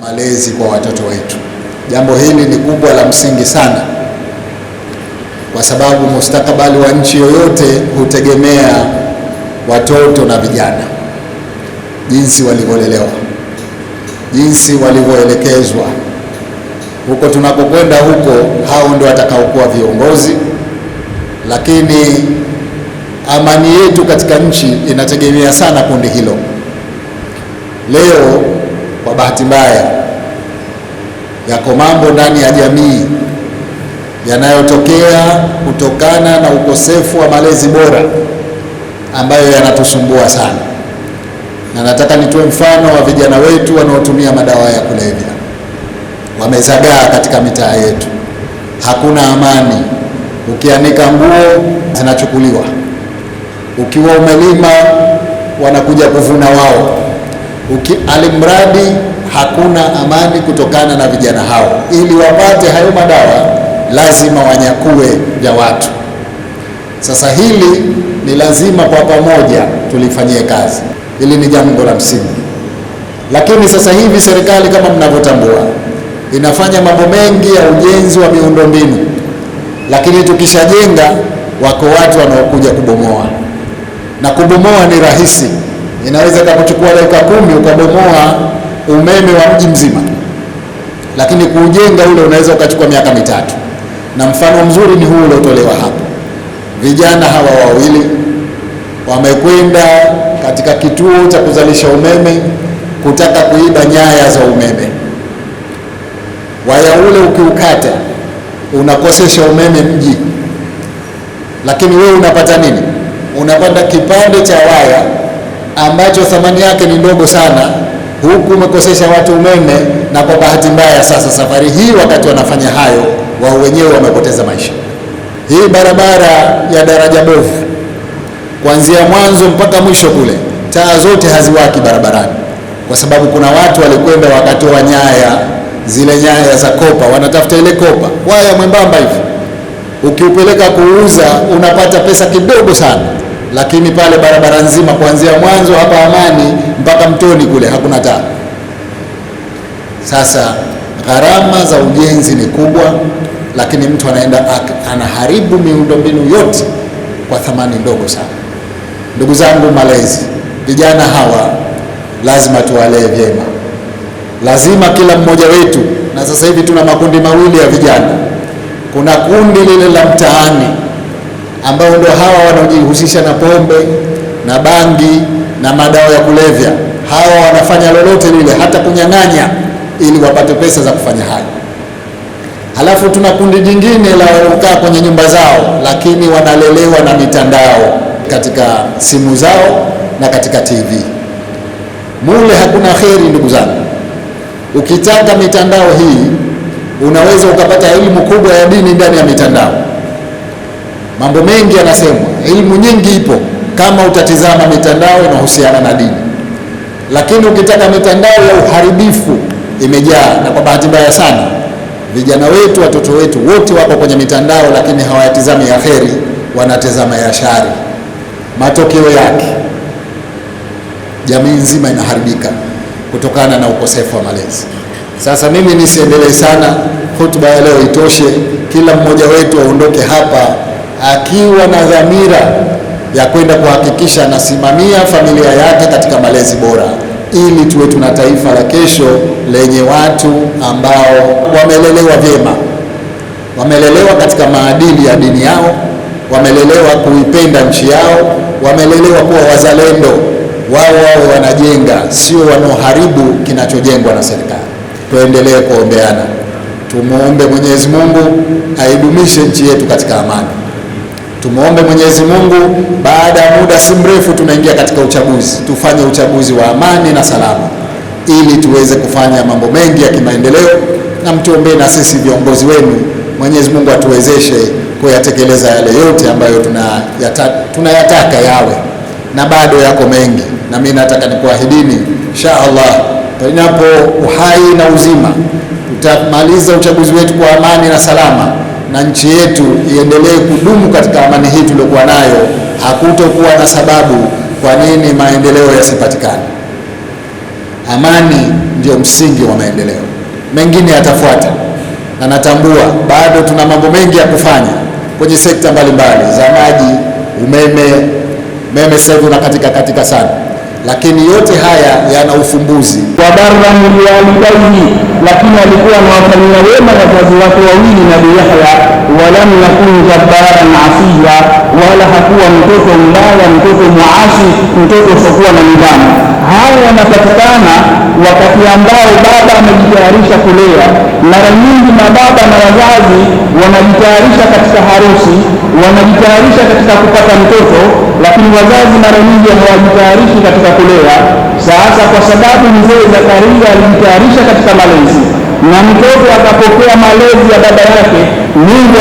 malezi kwa watoto wetu. Jambo hili ni kubwa la msingi sana, kwa sababu mustakabali wa nchi yoyote hutegemea watoto na vijana, jinsi walivyolelewa, jinsi walivyoelekezwa. Huko tunapokwenda huko, hao ndio watakaokuwa viongozi, lakini amani yetu katika nchi inategemea sana kundi hilo. Leo bahati mbaya, yako mambo ndani ya jamii yanayotokea kutokana na ukosefu wa malezi bora ambayo yanatusumbua sana, na nataka nitoe mfano wa vijana wetu wanaotumia madawa ya kulevya. Wamezagaa katika mitaa yetu, hakuna amani. Ukianika nguo zinachukuliwa, ukiwa umelima wanakuja kuvuna wao alimradi hakuna amani kutokana na vijana hao. Ili wapate hayo madawa, lazima wanyakue vya watu. Sasa hili ni lazima kwa pamoja tulifanyie kazi, hili ni jambo la msingi. Lakini sasa hivi serikali kama mnavyotambua, inafanya mambo mengi ya ujenzi wa miundombinu, lakini tukishajenga, wako watu wanaokuja kubomoa, na kubomoa ni rahisi inaweza ikakuchukua dakika kumi ukabomoa umeme wa mji mzima, lakini kuujenga ule unaweza ukachukua miaka mitatu. Na mfano mzuri ni huu uliotolewa hapo. Vijana hawa wawili wamekwenda katika kituo cha kuzalisha umeme kutaka kuiba nyaya za umeme. Waya ule ukiukata unakosesha umeme mji, lakini wewe unapata nini? Unapata kipande cha waya ambacho thamani yake ni ndogo sana, huku umekosesha watu umeme, na kwa bahati mbaya sasa safari hii wakati wanafanya hayo wao wenyewe wamepoteza maisha. Hii barabara ya daraja bovu kuanzia mwanzo mpaka mwisho kule, taa zote haziwaki barabarani, kwa sababu kuna watu walikwenda wakatoa nyaya zile nyaya za kopa, wanatafuta ile kopa, waya mwembamba hivi, ukiupeleka kuuza unapata pesa kidogo sana lakini pale barabara nzima kuanzia mwanzo hapa Amani mpaka Mtoni kule hakuna taa. Sasa gharama za ujenzi ni kubwa, lakini mtu anaenda anaharibu miundombinu yote kwa thamani ndogo sana. Ndugu zangu, malezi vijana hawa lazima tuwalee vyema, lazima kila mmoja wetu, na sasa hivi tuna makundi mawili ya vijana. Kuna kundi lile la mtaani ambao ndio hawa wanaojihusisha na pombe na bangi na madawa ya kulevya. Hawa wanafanya lolote lile, hata kunyang'anya, ili wapate pesa za kufanya hayo. Halafu tuna kundi jingine la wanaokaa kwenye nyumba zao, lakini wanalelewa na mitandao katika simu zao na katika TV. Mule hakuna kheri, ndugu zangu. Ukitaka mitandao hii, unaweza ukapata elimu kubwa ya dini ndani ya mitandao Mambo mengi yanasemwa, elimu nyingi ipo, kama utatizama mitandao inahusiana na dini. Lakini ukitaka mitandao ya uharibifu imejaa, na kwa bahati mbaya sana vijana wetu, watoto wetu wote wako kwenye mitandao, lakini hawayatizami ya kheri, wanatizama ya shari. Matokeo yake jamii nzima inaharibika kutokana na ukosefu wa malezi. Sasa mimi nisiendelee sana, hotuba ya leo itoshe. Kila mmoja wetu aondoke hapa akiwa na dhamira ya kwenda kuhakikisha anasimamia familia yake katika malezi bora, ili tuwe tuna taifa la kesho lenye watu ambao wamelelewa vyema, wamelelewa katika maadili ya dini yao, wamelelewa kuipenda nchi yao, wamelelewa kuwa wazalendo, wao wao wanajenga, sio wanaoharibu kinachojengwa na serikali. Tuendelee kuombeana, tumwombe Mwenyezi Mungu aidumishe nchi yetu katika amani. Tumwombe Mwenyezi Mungu, baada ya muda si mrefu tunaingia katika uchaguzi, tufanye uchaguzi wa amani na salama, ili tuweze kufanya mambo mengi ya kimaendeleo, na mtuombee na sisi viongozi wenu, Mwenyezi Mungu atuwezeshe kuyatekeleza yale yote ambayo tunayataka yawe, na bado yako mengi, na mimi nataka nikuahidini insha Allah, tunapo uhai na uzima tutamaliza uchaguzi wetu kwa amani na salama na nchi yetu iendelee kudumu katika amani hii tuliyokuwa nayo, hakutokuwa na sababu kwa nini maendeleo yasipatikane. Amani ndiyo msingi wa maendeleo, mengine yatafuata. Na natambua bado tuna mambo mengi ya kufanya kwenye sekta mbalimbali za maji, umeme. Umeme sasa hivi unakatika katika sana lakini yote haya yana ufumbuzi. wa barran biwalidaihi, lakini alikuwa amewafanyia wema wazazi wake wawili Nabii Yahya. walam yakun jabbaran asiya, wala hakuwa mtoto mbaya, mtoto muasi, mtoto usiokuwa na nidhamu hawa wanapatikana wakati ambao baba amejitayarisha kulea. Mara nyingi mababa na wazazi wanajitayarisha katika harusi, wanajitayarisha katika kupata mtoto, lakini wazazi mara nyingi hawajitayarishi katika kulea. Sasa kwa sababu mzee Zakaria alijitayarisha katika malezi na mtoto akapokea malezi ya baba yake, Mungu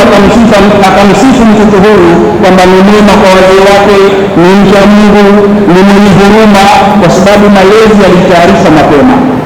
akamsifu mtoto huyu kwamba ni mwema kwa wazee wake, ni mcha Mungu, ni mwenye huruma, kwa sababu malezi yalitayarisha mapema.